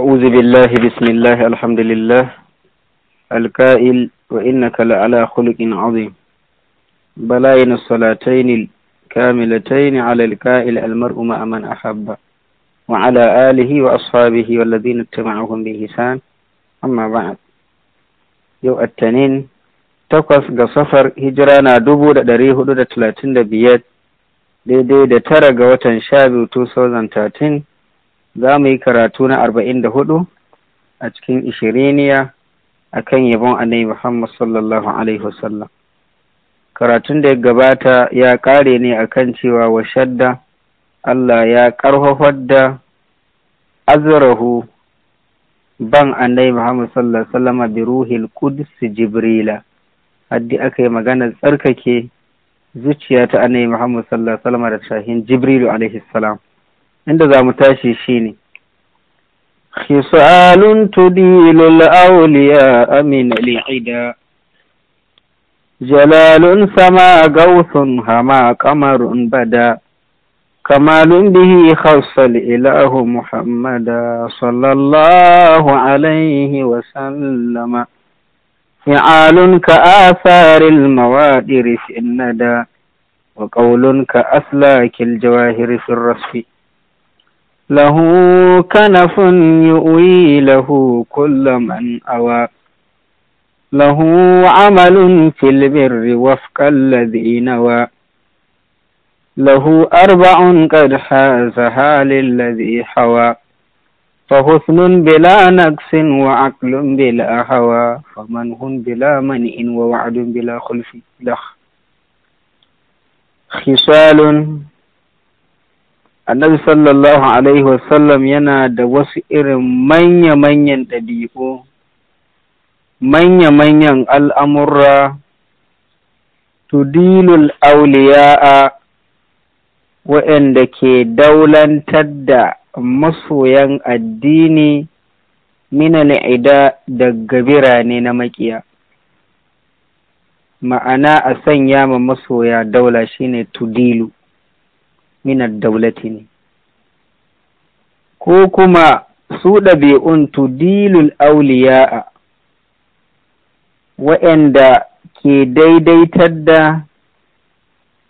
أعوذ بالله بسم الله الحمد لله الكائل وإنك لعلى خلق عظيم بلاين الصلاتين الكاملتين على الكائل المرء مع من أحب وعلى آله وأصحابه والذين اتبعهم بإحسان أما بعد يو التنين takwas ga safar hijira na dubu da ɗari hudu da talatin da biyar daidai da tara ga watan sha biyu 2013 za mu yi karatu na arba'in da hudu a cikin ishiriniya a kan yabon annabi Muhammad sallallahu Alaihi wasallam. Karatun da ya gabata ya ƙare ne a kan cewa wa shadda Allah ya ƙarfafar da azurahu ban annabi Muhammad sallallahu Alaihi wasallam bi ruhil Qudus Jibrila. Haddi aka yi magana tsarkake zuciya ta annabi Muhammad sallallahu Alaihi wasallam da shahin Jibrilu alaihi salam. inda za mu tashi shi ne khisalun tudilul awliya amin al'ida jalalun sama gausun hama kamarun bada kamalun bihi khassal ilahu muhammada sallallahu alaihi wa sallama فعال كآثار الموادر في الندى وقول كأسلاك الجواهر في الرصف له كنف يؤوي له كل من أوى له عمل في البر وفق الذي نوى له أربع قد حازها للذي حوى فحسن بلا نقص وعقل بلا هوى فمنه بلا منع ووعد بلا خلف لخ خصال annabi sallallahu alaihi wasallam yana da wasu irin manya-manyan ɗabi'u manya-manyan al'amurra tudilul auliya'a waɗanda ke daulantar da masoyan addini mina ida daga birane na makiya ma'ana a sanya ma masoya daula shine tudilu minar daulati ne ko kuma su ɗabi'un tudilul auliya'a wa'yanda ke daidaitar da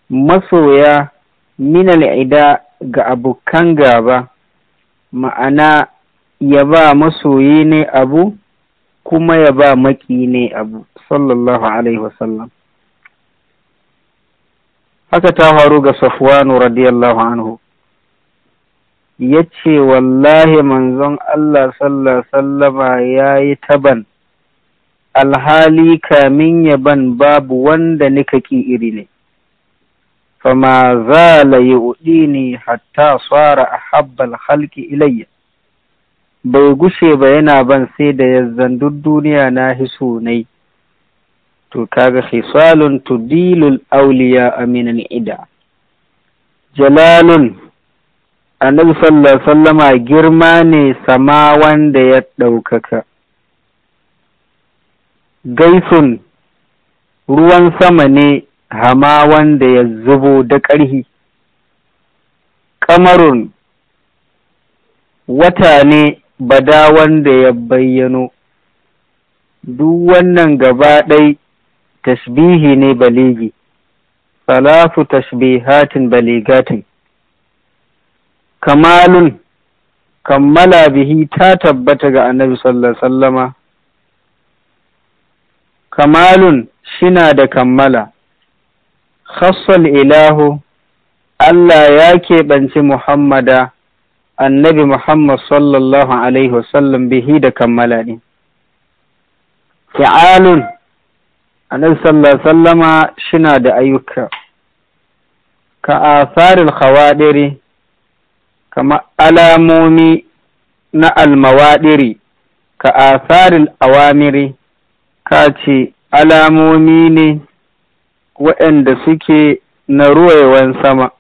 masoya minal ida ga abokan gaba ma'ana ya ba masoyi ne abu kuma ya ba maki ne abu sallallahu alaihi wasallam haka ta faru ga safwanu radiyallahu anhu ya ce wallahi manzon Allah sallallahu sallama ya yi taban alhali kamin yaban babu wanda nika ki iri ne fama zala ne hatta tsara a habbal halki ilayya bai gushe ba yana ban sai da yanzan duk duniya na hiso nai to kaga khisalun tudilul awliya aminan ida jalalun annabi sallallahu alaihi sallama girma ne sama wanda ya ɗaukaka gaisun ruwan sama ne hama wanda ya zubo da ƙarhi kamarun wata ne bada wanda ya bayyano duk wannan gaba ɗai Tasbihi ne baligi salafu tasbihatin baligatin kamalun kammala bihi ta tabbata ga annabi sallallahu sallama kamalun shina da kammala khassal ilahu Allah ya keɓanci Muhammada annabi Muhammad sallallahu alaihi wasallam bihi da kammala ne fi'alun annabi sallallahu alaihi sallama shina da ayyuka ka asaril khawadiri kama alamomi na almawadiri ka asaril awamiri ka ce alamomi ne waɗanda suke na ruwaiwan sama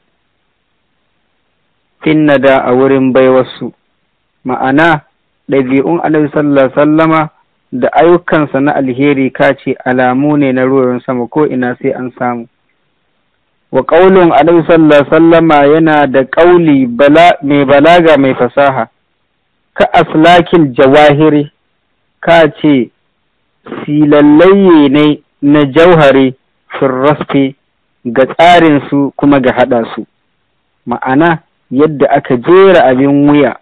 finna da a wurin baiwarsu ma'ana ɗabi'un annabi sallallahu sallama da ayyukansa na alheri ka ce alamu ne na ruwan sama ko ina sai an samu wa ƙaunin annabi sallallahu sallama yana da ƙauli mai balaga mai fasaha ka aslakin jawahiri ka ce silallaye ne na jauhari firrasfe ga tsarinsu kuma ga haɗa su ma'ana yadda aka jera abin wuya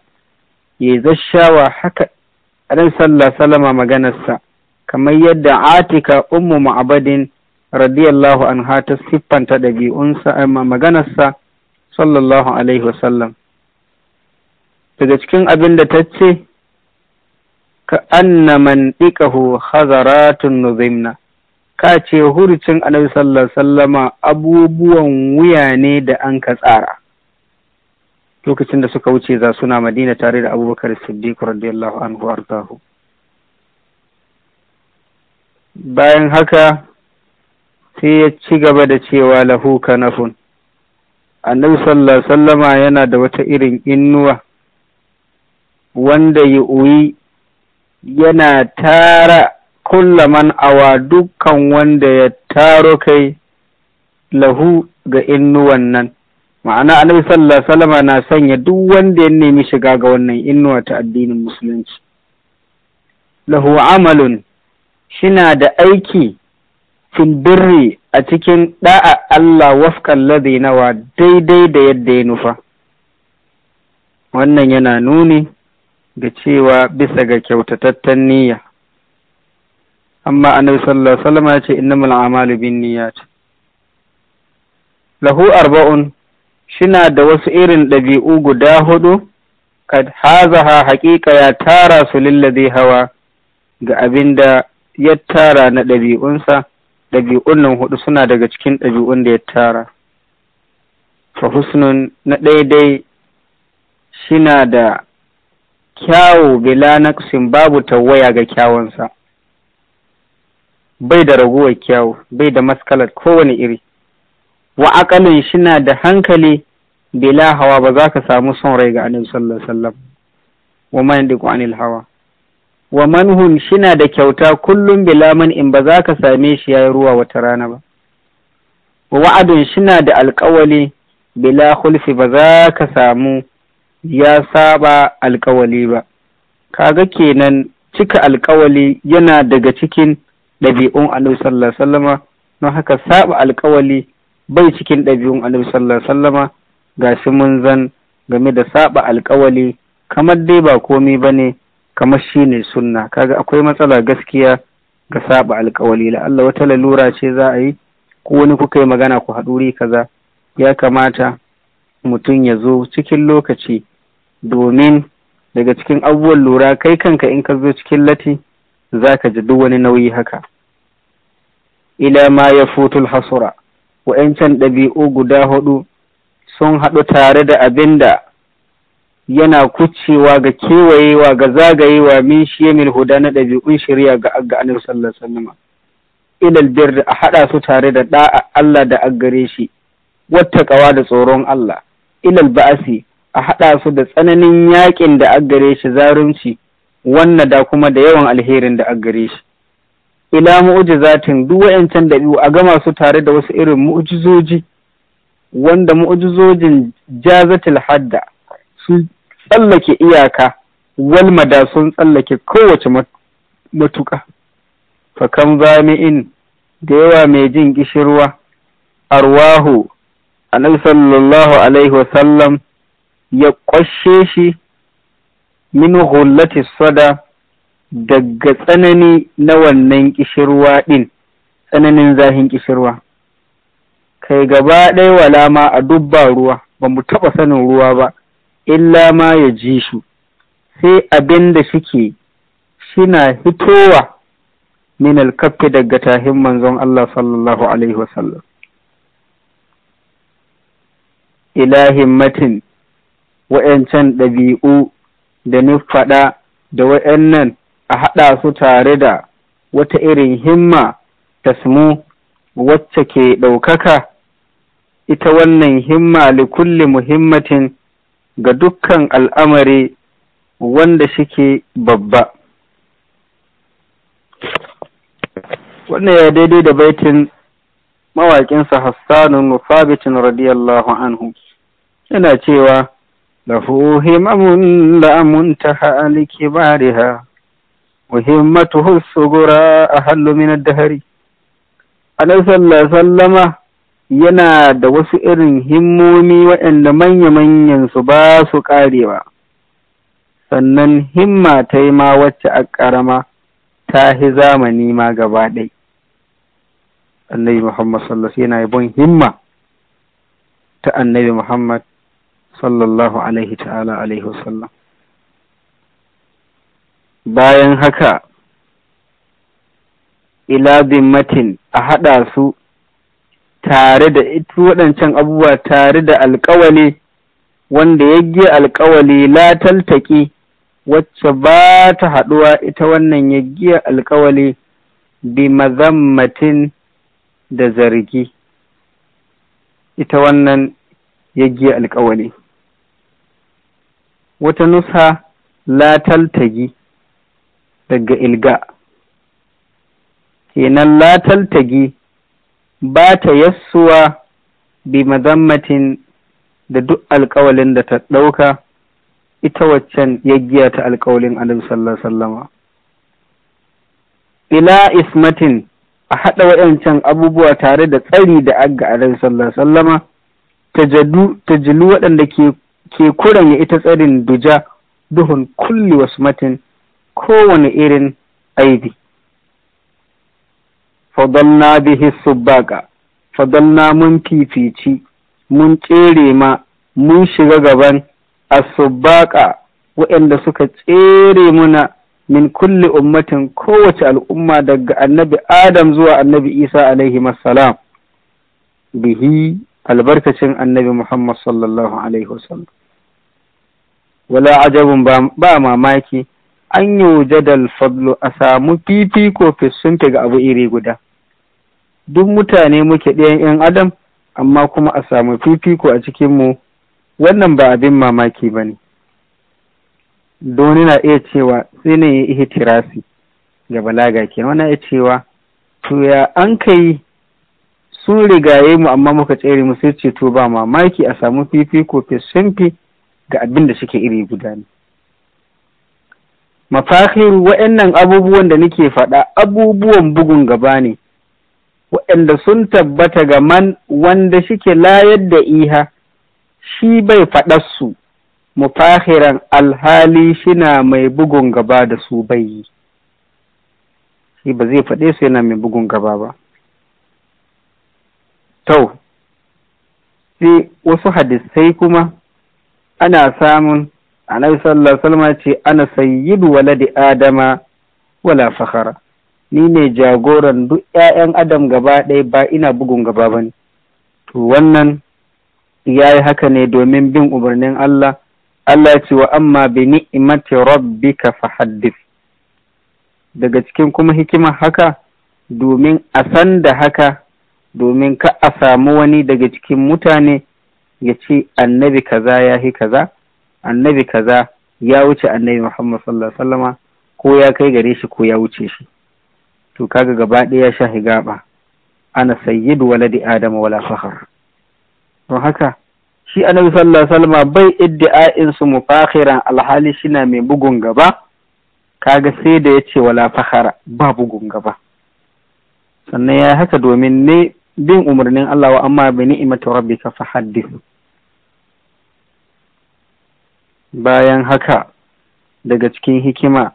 ya zashawa haka ran sallah salama maganarsa kamar yadda atika ummu ma'abadin radiyallahu anha ta siffanta ɗabi'unsa amma eh, maganarsa sallallahu alaihi wasallam daga cikin abin da ta ce ka anna man ɗiƙahu hazaratun nuzimna ka ce hurucin annabi sallallahu sallama abubuwan wuya ne da an ka tsara lokacin da suka wuce za suna madina tare da abubakar siddiq radiyallahu anhu arzahu bayan haka sai ya ci gaba da cewa lahu kanafun annabi sallallahu sallama yana da wata irin innuwa wanda ya uyi yana tara kullaman awa dukkan wanda ya taro kai lahu ga innuwan nan ma'ana annabi sallallahu alaihi na sanya duk wanda ya nemi shiga ga wannan inuwa ta addinin musulunci lahu amalun shina da aiki fil birri a cikin da'a Allah wafqan nawa daidai da yadda ya nufa wannan yana nuni ga cewa bisa ga kyautatattan niyya amma annabi sallallahu alaihi wasallam ya ce innamal a'malu binniyat lahu arba'un shina da wasu irin ɗabi'u guda hudu kad hazaha haƙiƙa ya tara su lillazi hawa ga abin da ya tara na ɗabi'unsa ɗabi'un nan hudu suna daga cikin ɗabi'un da ya tara fa husnun na daidai shina da kyawu bila naqsin babu tawaya ga kyawunsa bai da raguwar kyawu bai da maskalar kowane iri wa akalin shina da hankali bila hawa ba za ka samu son rai ga annabi sallallahu alaihi wa man diku anil hawa wa manhun shina da kyauta kullum bila man in ba za ka same shi yayi ruwa wata rana ba wa wa'adun shina da alƙawali bila khulfi ba za ka samu ya saba alƙawali ba kaga kenan cika alƙawali yana daga cikin ɗabi'un annabi sallallahu alaihi wasallama don haka saba alƙawali bai cikin ɗabi'un annabi sallallahu alaihi wasallama gashi mun zan game da saba alkawali kamar dai ba komai bane kamar shine sunna kaga akwai matsala gaskiya ga saba alkawali la Allah wata lalura ce za a yi ko wani kuka yi magana ku haɗuri kaza ya kamata mutum ya zo cikin lokaci domin daga cikin abubuwan lura kai kanka in ka zo cikin lati za ka ji duk wani nauyi haka ila ma ya futul hasura wa'yancan ɗabi'u guda hudu sun haɗu tare da abin da yana kucewa ga kewayewa ga zagayewa min huda na ɗabi'un shirya ga ga annabi sallallahu alaihi wasallam a haɗa su tare da ɗa'a Allah da aggare shi wata ƙawa da tsoron Allah ilal ba'asi a haɗa su da tsananin yaƙin da aggare shi zarunci wannan da kuma da yawan alherin da agare shi ila mu'jizatin duk wa'ancan dabi'u a gama su tare da wasu irin mu'jizoji wanda mu'jizojin jazatil hadda su tsallake iyaka walmada sun tsallake kowace matuƙa fakan zami'in da yawa mai jin gishirwa arwahu annabi sallallahu alaihi wasallam ya kwashe shi min hullati sada daga tsanani na wannan kishirwa ɗin tsananin zahin kishirwa, kai gaba ɗaya wala ma a dubba ruwa ba mu taɓa sanin ruwa ba illa ma ya ji shi sai abin da shike shina hitowa min alkafi daga tahin manzon Allah sallallahu alaihi wasallam ila himmatin wa'yancan ɗabi'u da ni faɗa da wa'yannan a haɗa su tare da wata irin himma tasmu wacce ke ɗaukaka ita wannan himma li kulli muhimmatin ga dukkan al'amari wanda shike babba wannan ya daidai da baitin mawaƙinsa hassanun sabitin radiyallahu anhu yana cewa lafu himamun da amunta ha alikibariha وهمته الصغرى أهل من الدهر Annabi sallallahu alaihi sallama yana da wasu irin himmomi waɗanda manya-manyan su ba su ƙarewa. Sannan himma ta yi ma wacce a ƙarama ta hi zamani ma gaba ɗai. Annabi Muhammad sallallahu yana yabon himma ta Annabi Muhammad sallallahu alaihi ta'ala alaihi wasallam. bayan haka ila matin a haɗa su tare da ita waɗancan abubuwa tare da alƙawali wanda ya giya alƙawali la taltaki wacce ba ta haɗuwa ita wannan ya giya alƙawali bi mazammatin da zargi ita wannan ya giya alƙawali wata nusa la taltaki daga ilga kenan lataltagi ba ta yassuwa bi mazammatin da duk alkawalin da ta ɗauka ita waccan yaggiya ta alkawalin sallallahu sallama ila ismatin a haɗa waɗancan abubuwa tare da tsari da agga annabi sallallahu sallama ta jilu waɗanda ke ya ita tsarin duja duhun kulli wasmatin kowane irin aibi fadalna bihi subbaka fadalna mun fifici mun tsere ma mun shiga gaban a asubbaƙa waɗanda suka tsere muna min kulle ummatin kowace al'umma daga annabi adam zuwa annabi isa alaihi salam bihi albarkacin annabi muhammad sallallahu alaihi wasallam wala ajabun ba mamaki an yi yujadal fadlo a samu fifiko fisunta ga abu iri guda duk mutane muke ɗayan 'yan adam amma kuma a samu fifiko a cikinmu wannan ba abin mamaki ba ne doni na iya cewa sai ne ya ihe tirasi ga balaga ke wani iya cewa to ya an kai sun rigaye mu amma muka tsere mu sai ce to ba mamaki a samu fifiko fisunta ga abin da suke iri guda ne mafahir wa'annan abubuwan da nake faɗa abubuwan bugun gaba ne wa'anda sun tabbata ga man wanda shike layar da iha shi bai faɗa su mufahiran alhali shina mai bugun gaba da su bai yi shi ba zai faɗe su yana mai bugun gaba ba tau sai wasu hadisai kuma ana samun annabi sallallahu alaihi wasallam ce ana sayyidu waladi adama wala fakhara ni ne jagoran duk ƴaƴan adam gaba ɗaya ba ina bugun gaba bane to wannan yayi haka ne domin bin umarnin Allah Allah ce wa amma bi ni'mati rabbika fahaddith daga cikin kuma hikima haka domin a san da haka domin ka a samu wani daga cikin mutane ya ce annabi kaza ya kaza annabi kaza ya wuce annabi Muhammad sallallahu alaihi ko ya kai gare shi ko ya wuce shi to kaga gaba ɗaya sha higaba ana sayyidu waladi adama wala fakhar don haka shi annabi sallallahu alaihi wasallama bai iddi'a'in su mufakhiran alhali shina mai bugun gaba kaga sai da yace wala fakhara ba bugun gaba sannan ya haka domin ne bin umarnin Allah wa amma bi ni'imati rabbika fahaddith bayan haka daga cikin hikima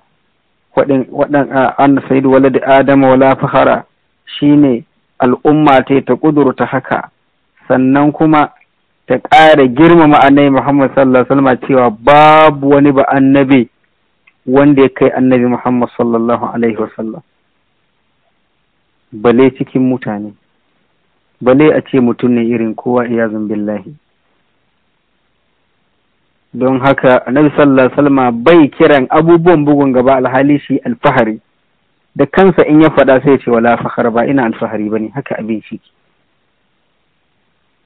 waɗan an wala da adama wala fahara shine al'umma ta ta ƙudurta haka sannan kuma ta ƙara girmama annabi Muhammad sallallahu alaihi wasallam cewa babu wani ba annabi wanda ya kai annabi Muhammad sallallahu alaihi wasallam bale cikin mutane bale a ce mutum ne irin kowa iyazun billahi don haka annabi sallallahu alaihi wasallam bai kiran abubuwan bugun gaba alhali shi alfahari da kansa in ya faɗa sai ce wala fahar ba ina alfahari bane haka abin shi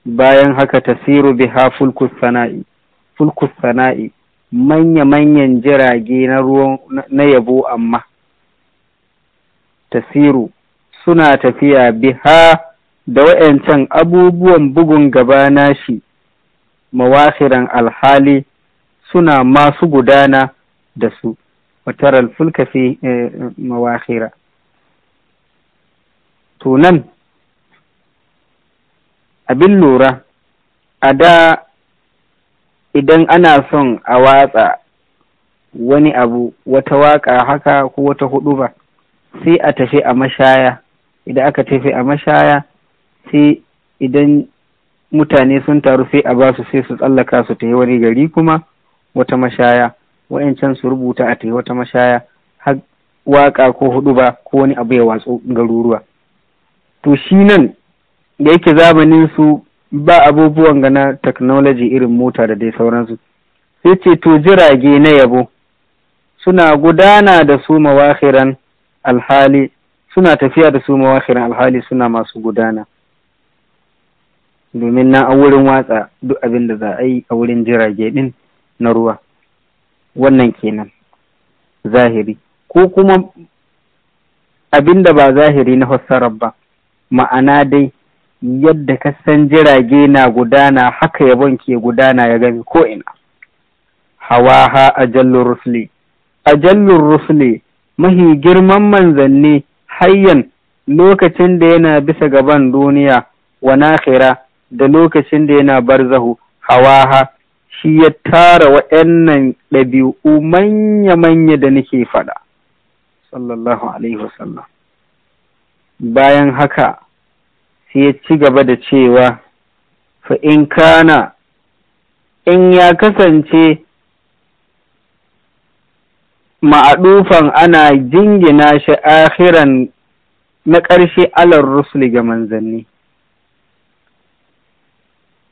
bayan haka tasiru biha fulkus sana'i fulkus sana'i manya manyan jirage na ruwan na yabo amma tasiru suna tafiya biha da wa'yancan abubuwan bugun gaba nashi mawahiran alhali suna masu gudana da su wataral fulka fi eh, mawahira to abin lura a da idan ana son a watsa wani abu wata waka haka ko wata hudu ba sai a tafi a mashaya idan aka tafi a mashaya sai idan mutane sun taru sai a basu sai su tsallaka su ta yi wani gari kuma wata mashaya wa'yancan su rubuta a tai wata mashaya har waka ko hudu ba ko wani abu ya watsu garuruwa to shi nan da yake zamanin su ba abubuwan gana technology irin mota da dai sauransu sai ce to jirage na yabo suna gudana da su mawahiran alhali suna tafiya da su mawahiran alhali suna masu gudana domin na a wurin watsa duk abin da za a yi a wurin jirage din na ruwa wannan kenan zahiri ko kuma abinda ba zahiri na fassarar ba ma'ana dai yadda ka san jirage na gudana haka yabon ke gudana ya gami ko'ina hawaha ajallun rusli ajallun rusli mahi girman manzanni hayyan lokacin da yana bisa gaban duniya wa nakhira da lokacin da yana barzahu hawaha shi ya tara waɗannan ɗabi'u manya-manya da nake faɗa sallallahu alaihi wasallam bayan haka sai ya ci gaba da cewa fa in kana in ya kasance ma'adufan ana jingina shi akhiran na ƙarshe alar rusuli ga manzanni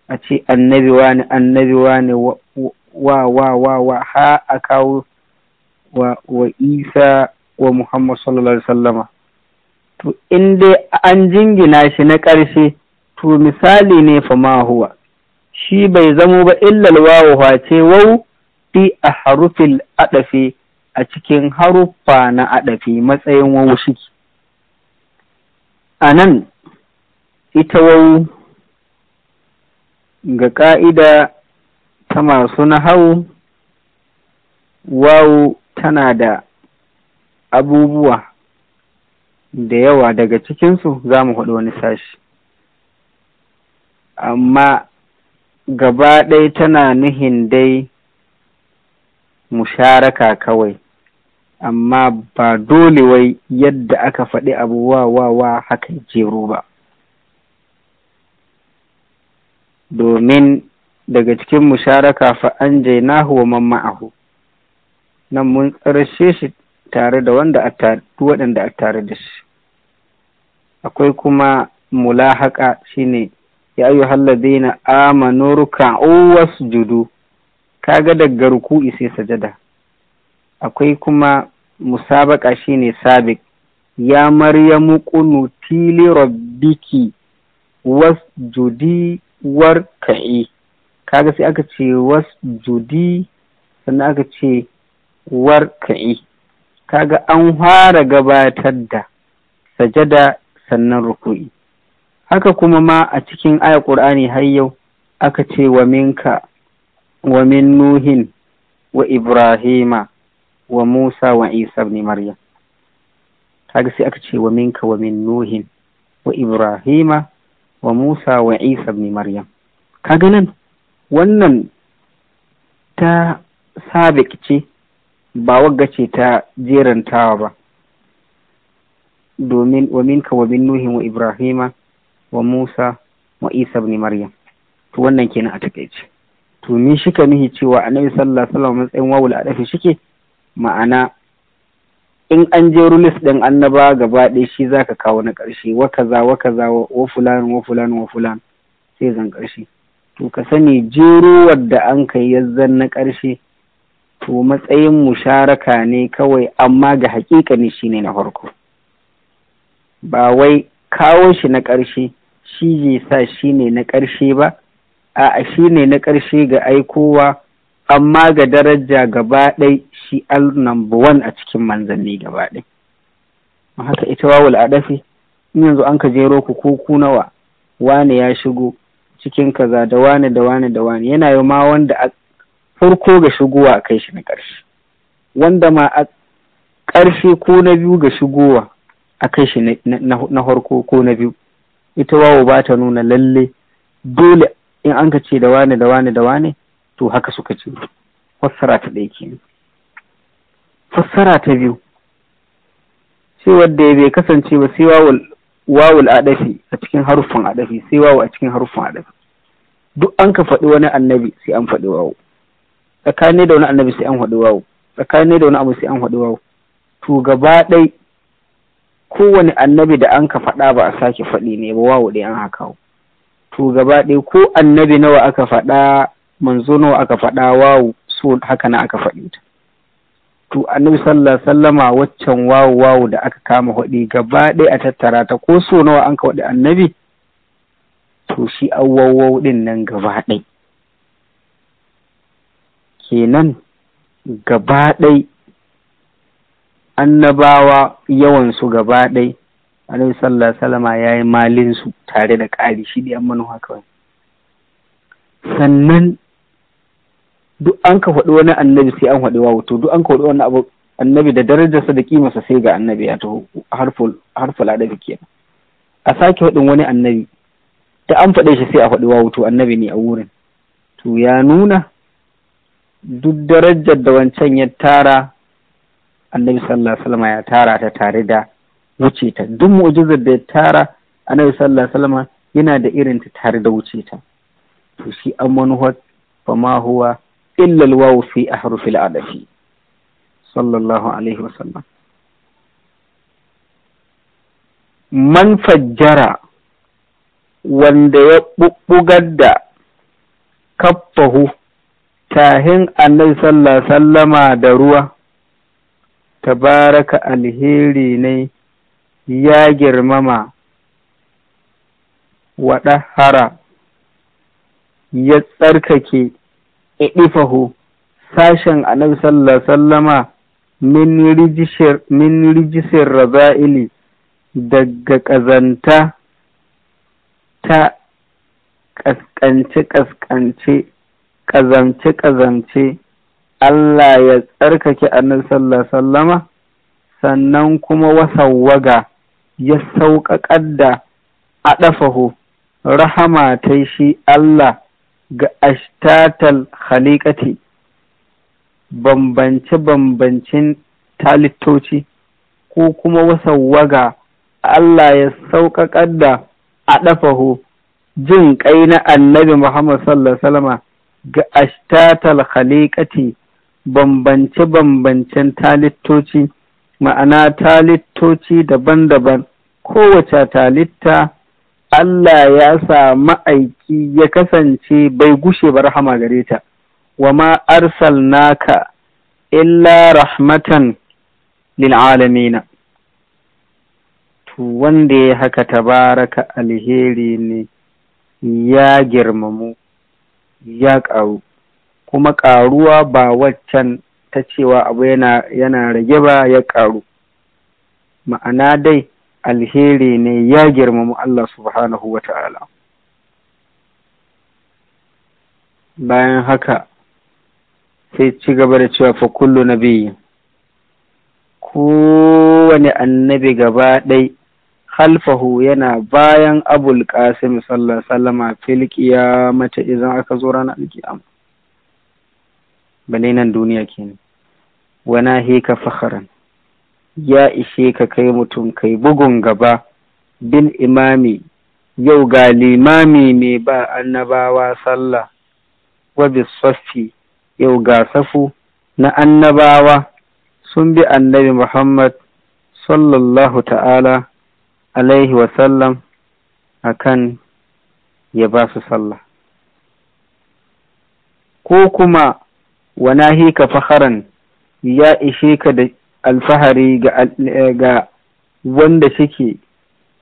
a ce annabi wa ne, annabi ne wa wa wa wa ha a kawo wa wa isa wa muhammad sallallahu alaihi wasallama to in dai an jingina shi na ƙarshe to misali ne fa ma huwa shi bai zamo ba illal wawu ce wau fi a harufin adafi a cikin haruffa na adafi matsayin wawu shiki a nan ita wawu ga ƙa'ida ta masu nahau wawu tana da abubuwa da yawa daga cikinsu za mu haɗu wani sashi amma gaba ɗaya tana nuhin dai musharaka kawai amma ba dole wai yadda aka faɗi abubuwa wa haka jero ba domin daga cikin musharaka fa an jainahu wa man ma'ahu nan mun tsarashe shi tare da wanda waɗanda a tare da shi akwai kuma mulahaka shine ya ayu halladina amanu ruka'u wasjudu kaga daga ruku'i sai sajada akwai kuma musabaka shine sabik ya maryamu qunuti li rabbiki wasjudi warka'i kaga sai aka ce judi sannan aka ce warka'i kaga an fara gabatar da sajada sannan ruku'i haka kuma ma a cikin aya ƙur'ani har yau aka ce wa minka wa min nuhin wa ibrahima wa musa wa isa ibn maryam kaga sai aka ce wa minka wa min nuhin wa ibrahima wa Musa wa Isa ibn Maryam kaga nan wannan ta sabik ce ba wagga ce ta jerantawa ba domin wa minka wa min nuhin wa Ibrahima wa Musa wa Isa ibn Maryam to wannan kenan a takaice to ni shika nihi cewa annabi sallallahu alaihi wasallam matsayin wawul adafi shike ma'ana in an je rulis ɗin annaba gaba ɗaya shi za ka kawo na ƙarshe wa kaza wa kaza wa fulan wa fulan wa fulan sai zan ƙarshe to ka sani jero wadda an kai yazzan na ƙarshe to matsayin musharaka ne kawai amma ga haƙiƙa ne shi ne na farko ba wai kawo shi na ƙarshe shi zai sa shi ne na ƙarshe ba a'a shi ne na ƙarshe ga aikowa amma ga daraja gaba ɗai shi al number one a cikin manzanni gaba ɗai haka ita wawul adafi in yanzu an ka jero ku ko ku nawa wane ya shigo cikin kaza da wane da wane da wane yana yi ma wanda a farko ga shigowa a kai shi na ƙarshe wanda ma a ƙarshe ko na biyu ga shigowa a kai shi na farko ko na biyu ita wawo ba ta nuna lalle dole in an ka ce da wane da wane da wane to haka suka ce fassara ta ɗaya ke fassara ta biyu sai wadda ya bai kasance ba sai wawul wawul adafi a cikin haruffan adafi sai wawu a cikin haruffan adafi duk an ka faɗi wani annabi sai an faɗi wawu tsakanin da wani annabi sai an faɗi wawu tsakanin da wani abu sai an faɗi wawu to gaba ɗai kowane annabi da an ka faɗa ba a sake faɗi ne ba wawu ɗaya an haka to gaba ɗaya ko annabi nawa aka faɗa manzo nawa aka faɗa wawu so haka na aka faɗi ta to annabi sallallahu sallama waccan wawu wawu da aka kama haɗi gaba ɗaya a tattara ta ko so nawa an ka haɗi annabi to shi awwawwau ɗin nan gaba ɗaya. kenan gaba ɗaya, annabawa yawansu gaba ɗaya annabi sallallahu sallama ya yi malinsu tare da ƙari shi dai yan manuwa haka sannan duk an ka faɗi wani annabi sai an faɗi wawo to duk an ka faɗi wani abu annabi da darajarsa da kimarsa sai ga annabi ya taho harful adabi ke a sake faɗin wani annabi da an faɗe shi sai a faɗi wawo to annabi ne a wurin to ya nuna duk darajar da wancan ya tara annabi sallallahu alaihi wasallam ya tara ta tare da wuce ta duk mu'jizar da ya tara annabi sallallahu alaihi wasallam yana da irin ta tare da wuce ta to shi an manuhar fama huwa إلا الواو في أحرف العدف صلى الله عليه وسلم من فجر wanda ya bugar da kaffahu tahin annabi sallallahu sallama da ruwa tabaraka alheri ne ya girmama waɗahara ya tsarkake idifahu sashen annabi sallallahu sallama min rijisir raza'ili daga ƙazanta ta ƙasƙance-ƙasƙance ƙazance-ƙazance Allah ya tsarkake annabi sallallahu sallama sannan kuma wasawwaga ya sauƙaƙar da a ɗafahu rahama ta shi Allah ga ashtatal khaliqati bambance-bambancen talittoci ko kuma waga. Allah ya sauƙaƙar da a ɗafahu jin ƙai na annabi Muhammad sallallahu Alaihi ga ashtatal khaliqati bambance-bambancen talittoci ma'ana talittoci daban-daban kowace talitta Allah ya sa ma'aiki ya kasance bai gushe ba rahama gare ta, wa ma arsal naka? illa rahmatan lil'alamina. To wanda ya haka tabaraka alheri ne ya girmamu, ya ƙaru, kuma ƙaruwa ba waccan ta cewa abu yana rage ba ya ƙaru. Ma'ana dai, alheri ne ya girmamu Allah subhanahu wa ta'ala bayan haka sai ci gaba da cewa fa kullu nabiyyi kowane annabi gaba ɗai halfahu yana bayan abul qasim sallallahu sallama fil mata izan aka zo ranar alkiyama bane nan duniya kenan wana hika fakharan ya ishe ka kai mutum kai bugun gaba bin imami yau ga limami mai ba annabawa sallah wabi bisaffi yau ga safu na annabawa sun bi annabi Muhammad sallallahu ta'ala alaihi wasallam a kan ya ba su sallah. Ko kuma wana hika faharan ya ishe ka da alfahari eh, ga wanda shike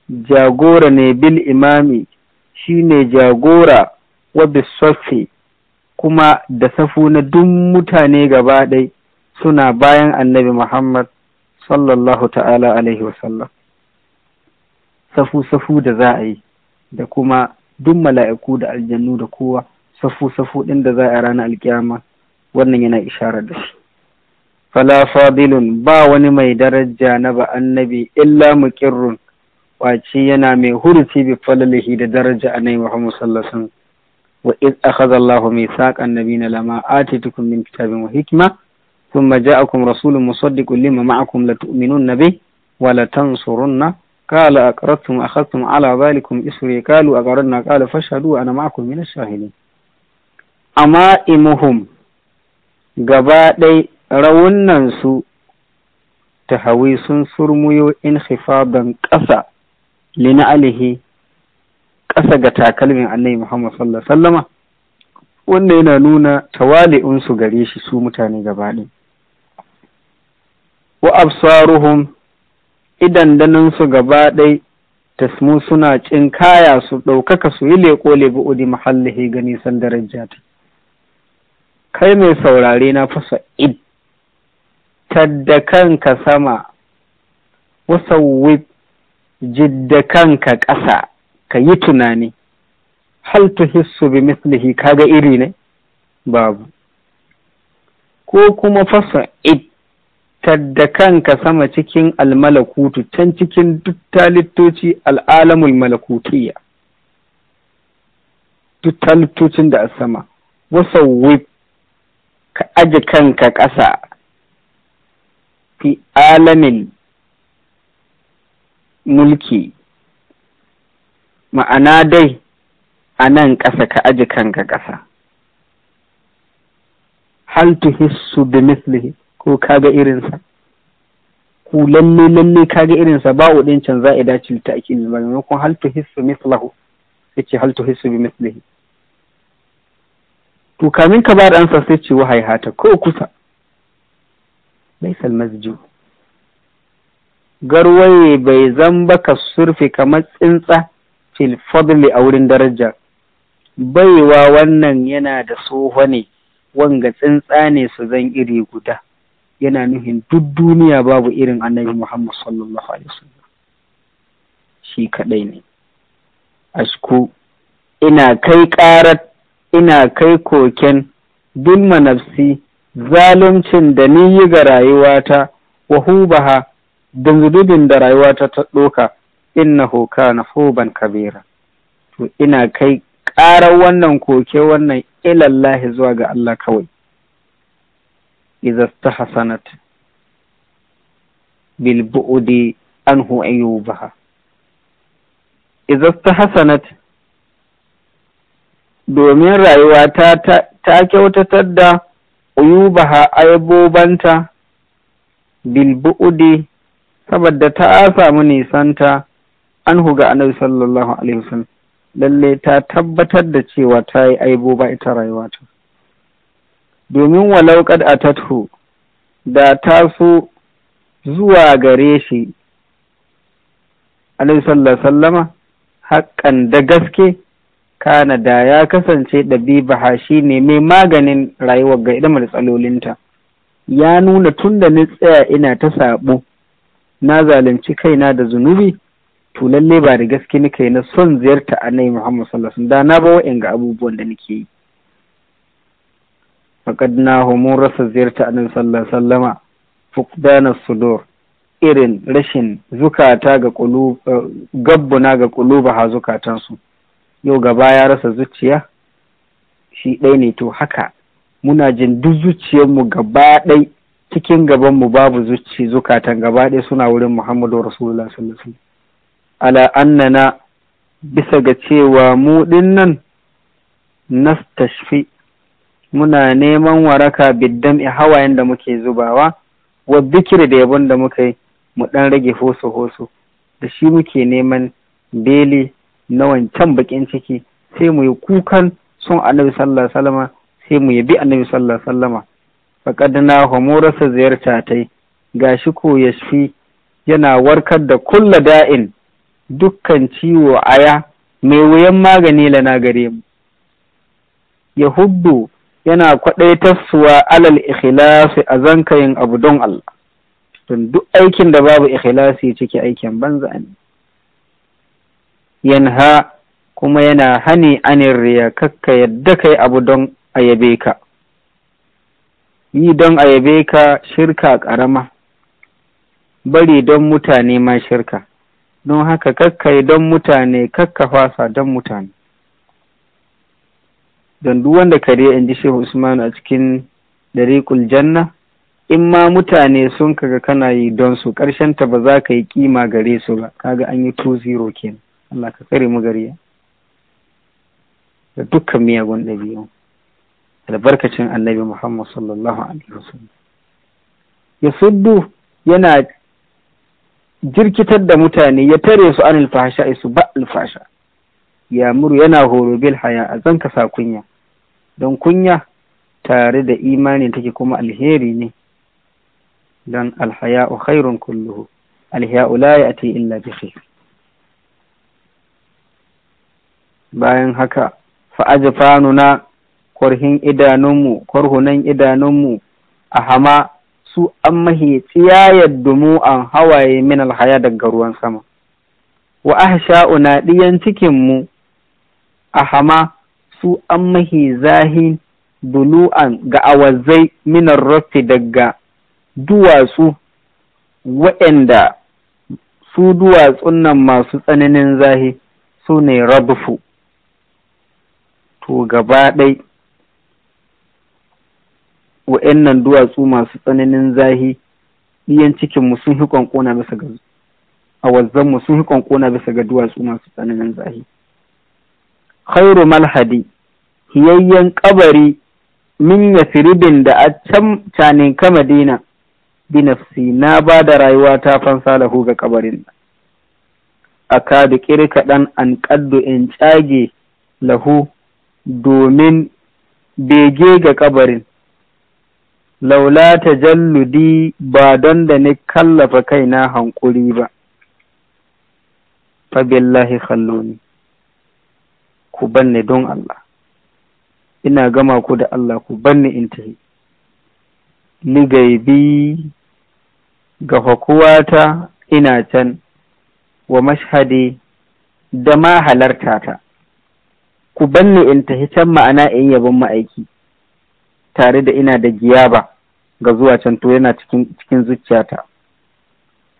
jagora ne bil imami shi ne jagora wadda bisofi kuma da safu na duk mutane gaba ɗai suna bayan annabi Muhammad sallallahu ta'ala alaihi wasallam safu-safu da za a yi da kuma duk mala'iku da aljannu da kowa safu-safu ɗin da za a yi ranar alkiyama wannan yana isharar da shi fala fadilun ba wani mai daraja na ba annabi illa muqirrun wace yana mai huruci bi falalihi da daraja annabi Muhammad sallallahu wa iz akhadha Allahu mithaqan nabiyina lama atitukum min kitabin wa hikma thumma ja'akum rasulun musaddiqun lima ma'akum latu'minunna bih wa latansurunna qala aqrattum akhadhtum ala dhalikum isri qalu aqarna qala fashhadu ana ma'akum min ash-shahidin amma imuhum gaba ɗaya ta tahawi sun surmuyo in khifadan ƙasa alihi ƙasa ga takalmin annabi Muhammad sallallahu alaihi wanda yana nuna tawali'unsu gare shi su mutane gabaɗin wa absaruhum idandanansu gaba ɗai tasmu suna cin kaya su ɗaukaka su yi leƙo udi mahallihi ga nisan daraja kai mai saurare na fasa id da kanka sama wasawwib jidda kanka ƙasa ka yi tunani hal tuhissu bi mislihi kaga iri ne babu ko kuma fasa da kanka sama cikin almalakutu can cikin duk talittoci al'alamul malakutiyya duk talittocin da a sama wasawwib ka aje kanka ƙasa fi alamin mulki ma'ana dai a nan ƙasa ka aji kanka ƙasa hal tuhissu bi mislihi ko kaga irinsa ku lalle lalle kaga irinsa ba udin can za a dace ta ake ne ko hal tuhissu mislahu yace hal tuhissu bi mislihi to kamin ka ba da ansa sai ce wahai hata ko kusa laisal masjid garwaye bai zamba ka surfi kamar tsintsa fil fadli a wurin daraja baiwa wannan yana da tsoho ne wanga tsintsa ne su zan iri guda yana nufin duk duniya babu irin annabi Muhammad sallallahu alaihi wasallam shi kadai ne asku ina kai ƙarat, ina kai koken dulma nafsi zaluncin da ni yi ga rayuwata wa hubaha da da rayuwata ta ɗoka innahu kana huban kabira to ina kai ƙarar wannan koke wannan ilallahi zuwa ga Allah kawai ta hasanat bil bu'di anhu ayyubaha ta hasanat domin rayuwata ta ta kyautatar da uyubaha aibobanta bilbu'udi saboda ta samu nisanta an huga annabi sallallahu alaihi wasallam lalle ta tabbatar da cewa ta yi aiboba ita rayuwa ta domin walau kad atathu da ta so zuwa gare shi alaihi sallallahu wasallama haƙƙan da gaske Kanada ya kasance ɗabibaha hashi ne mai maganin rayuwar ga idan matsalolinta ya nuna tun da ni tsaya ina ta saɓo na zalunci kaina da zunubi to lalle ba da gaske nika yi na son ziyarta annabi Muhammad sallallahu da na ba wa'in ga abubuwan da nake yi faqad na mun rasa ziyarta annabi sallallahu alaihi wasallama fuqdana sudur irin rashin zukata ga eh, gabbuna ga kuluba ha zukatansu yau gaba ya rasa zuciya shi ɗai ne to haka muna jin duk zuciyarmu gaba ɗai cikin gaban mu babu zuci zukatan gaba ɗai suna wurin muhammadu rasulullah sallallahu alaihi ala annana bisa ga cewa mu na nastashfi muna neman waraka biddam hawayen da muke zubawa wa bikir da yabon da muka yi mu ɗan rage hoso hoso da shi muke neman beli na wancan bakin ciki sai mu yi kukan sun annabi sallallahu alaihi sai mu yabi annabi sallallahu alaihi wasallama faqad na humurasa ziyarta tai gashi ko yashi yana warkar da kulla da'in dukkan ciwo aya mai wuyan magani na gare mu yahuddu yana tasuwa alal ikhlasi a zankayin abu don Allah don duk aikin da babu ikhlasi ciki aikin banza ne yanha kuma yana hani anin riya kakka yadda kai abu don a yabe ka yi don a yabe ka shirka ƙarama bari don mutane ma shirka don haka yi don mutane kakka fasa don mutane don duk wanda kare in ji shehu usman a cikin dariƙul janna in ma mutane sun kaga kana yi don su ƙarshen ta ba za ka yi kima gare su ba kaga an yi 2-0 Allah ka kare mu gari da dukkan miyagun ɗabi'u albarkacin annabi Muhammad sallallahu alaihi wasallam ya suddu yana jirkitar da mutane ya tare su an alfasha su ba alfasha ya muru yana horo bil haya a zanka sa kunya don kunya tare da imani take kuma alheri ne don alhaya'u khairun kulluhu alhaya'u la ya'ti illa bi khair bayan haka fanuna korhin idanunmu korhunan idanunmu a hama su an mahi tsiyayar dumu an hawaye min alhaya daga ruwan sama wa na ɗiyan cikinmu a hama su an mahi zahin dulu'an ga awazai minar rafi daga duwatsu waɗanda su duwatsun nan masu tsananin zahi su ne rabufu to gaba ɗai nan duwatsu masu tsananin zahi ɗiyan cikinmu sun hi kwankona bisa ga a wazzanmu sun hi kwankona bisa ga duwatsu masu tsananin zahi khairu malhadi hiyayyen ƙabari, min ya firibin da a can canin kama dina binafsi na ba da rayuwa ta fansa lahu ga kabarin a kadu kirkaɗan an kaddu in cage lahu domin bege ga kabarin laula ta jalludi ba don da ni kallafa kaina hankuri ba fabillahi khalloni ku banne don Allah ina gama ku da Allah ku banne in ni gaibi ga hakuwata ina can wa mashhadi da ma halarta ta ku banne in tahi can ma'ana in yabon ma'aiki tare da ina da giyaba ga zuwa can to yana cikin zuciyata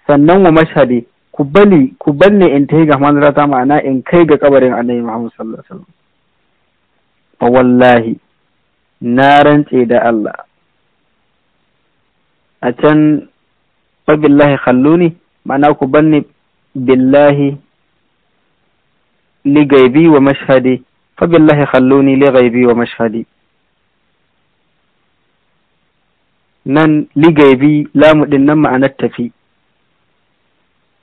sannan wa mashhadi ku bani ku in tahi ga manzarata ma'ana in kai ga kabarin annabi Muhammad sallallahu alaihi wasallam wallahi na rantse da Allah a can billahi khalluni ma'ana ku banne billahi ligaibi wa mashhadi فبالله خلوني لغيبي ومشهدي nan ligaibi lamu ɗin nan ma'anar tafi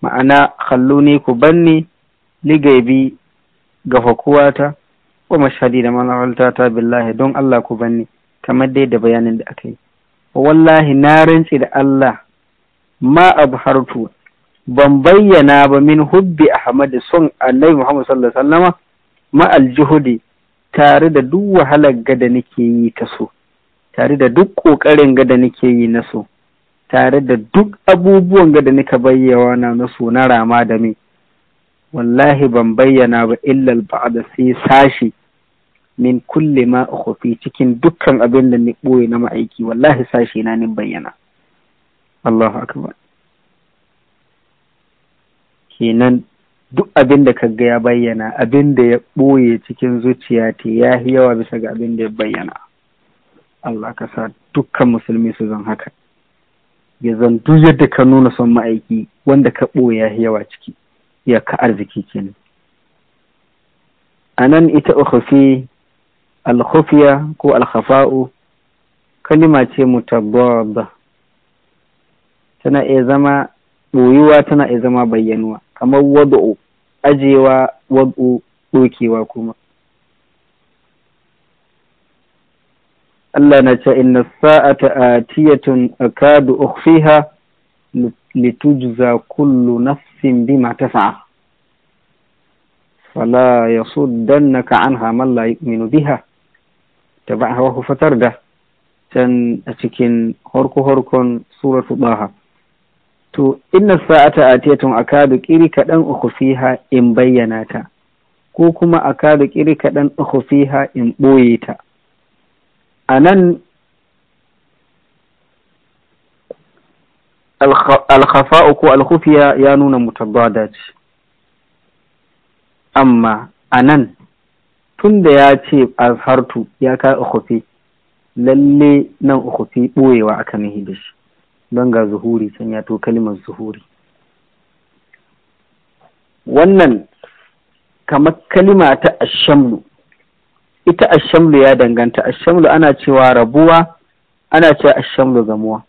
ma'ana khalluni ku banni ligaibi ga fakuwata wa mashhadi da manaralta ta billahi don Allah ku banni kamar dai da bayanin da aka yi wallahi na rantsi da Allah ma abhartu ban bayyana ba min hubbi ahmad son annabi muhammad sallallahu alaihi ma'al juhudi tare da duk wahalar gada nake yi ta so tare da duk ƙoƙarin gada nake yi na so tare da duk abubuwan gada nika bayyawa na na na rama da me wallahi ban bayyana ba illal ba'da sai sashi min kulle ma kofi cikin dukkan abin da ni ɓoye na ma'aiki wallahi sashi na ni bayyana Allahu akbar kenan duk abin da kaga ya bayyana abin da ya ɓoye cikin zuciya ta ya yi yawa bisa ga abin da ya bayyana Allah ka sa dukkan musulmi su zan haka ya zan duk yadda ka nuna son ma'aiki wanda ka ɓoye ya yi yawa ciki ya ka arziki kenan a nan ita ukhufi alkhufiya ko alkhafa'u kalima ce mutabbaba tana iya zama ɓoyuwa tana iya zama bayyanuwa kamar wadu'u ajewa wad'u dokewa kuma Allah na ce inna sa'ata atiyatun akadu ukhfiha litujza kullu nafsin bima tas'a fala yasuddannaka anha man la yu'minu biha tabi'ahu fatarda can a cikin horko horkon suratu daha to inna sa'ata atiyatun akadu kiri kadan ukhfiha in bayyana ta ko kuma akadu kiri kadan ukhfiha in ɓoye ta a nan alkhafa'u ko alkhufiya ya nuna mutabbada ce amma a nan tun da ya ce azhartu ya ka ukhfi lalle nan ukhfi ɓoyewa aka mihi da shi don ga zuhuri sun ya to kalimar zuhuri wannan kamar kalima ta ashamlu ita ashamlu ya danganta ashamlu ana cewa rabuwa ana ce ashamlu gamuwa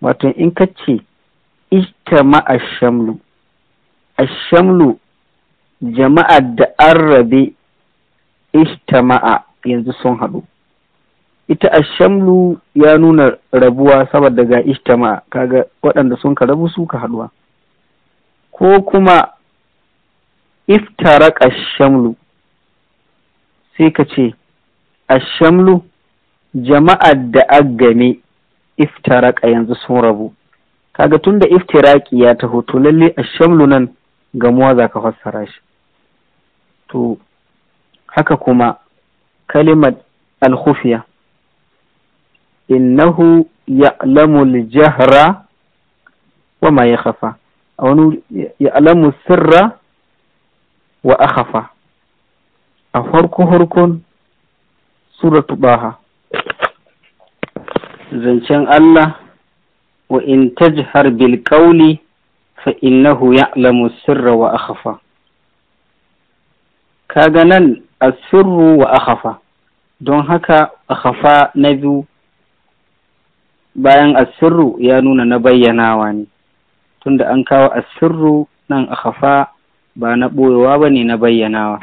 wato in ka ce Ishtama ashamlu ashamlu jama'ar da an rabe ijtama'a yanzu sun haɗu ita ashamlu ya nuna rabuwa saboda ga ishtama kaga waɗanda sun ka rabu su ka haɗuwa ko kuma iftaraka shamlu sai ka ce ashamlu jama'ar da aggame iftaraka yanzu sun rabu kaga tun da iftiraki ya taho to lalle ashamlu nan gamuwa za ka fassara shi to haka kuma kalimar alhufiya innahu ya'lamu al-jahra wa ma yakhfa a wani ya'lamu sirra wa akhafa a farko harkon suratu baha zancen Allah wa in tajhar bil qawli fa innahu ya'lamu sirra wa kaga nan asirru wa akhafa don haka akhafa na biyu bayan asirru ya nuna na bayyanawa ne tunda an kawo asirru nan a kafa ba na ɓoyewa ba ne na bayyanawa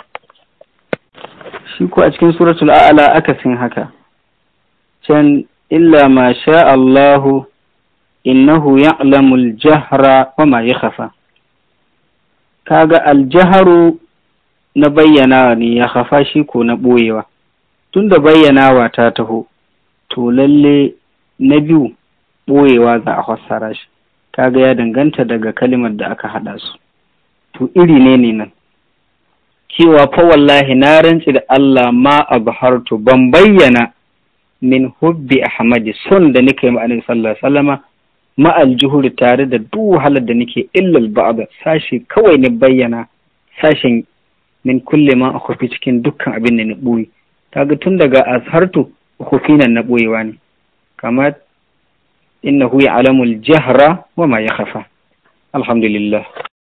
shi ko a cikin suratul a'ala akasin haka can illa ma sha Allahu innahu ya'lamu al-jahra wa ma yakhfa kaga al-jahru na bayyanawa ne ya kafa shi ko na ɓoyewa tunda bayyanawa ta taho to lalle na biyu ɓoyewa za a fassara shi kaga ya danganta daga kalimar da aka haɗa su to iri ne ne nan cewa fa wallahi na rantsi da Allah ma abhartu ban bayyana min hubbi ahmadi son da nake ma annabi sallallahu alaihi wasallama ma tare da duk halar da nake illal ba'da sashi kawai ni bayyana sashen min kulle ma a cikin dukkan abin da na ɓoye kaga tun daga azhartu kufinan na ɓoyewa ne كما إنه يعلم الجهر وما يخفى الحمد لله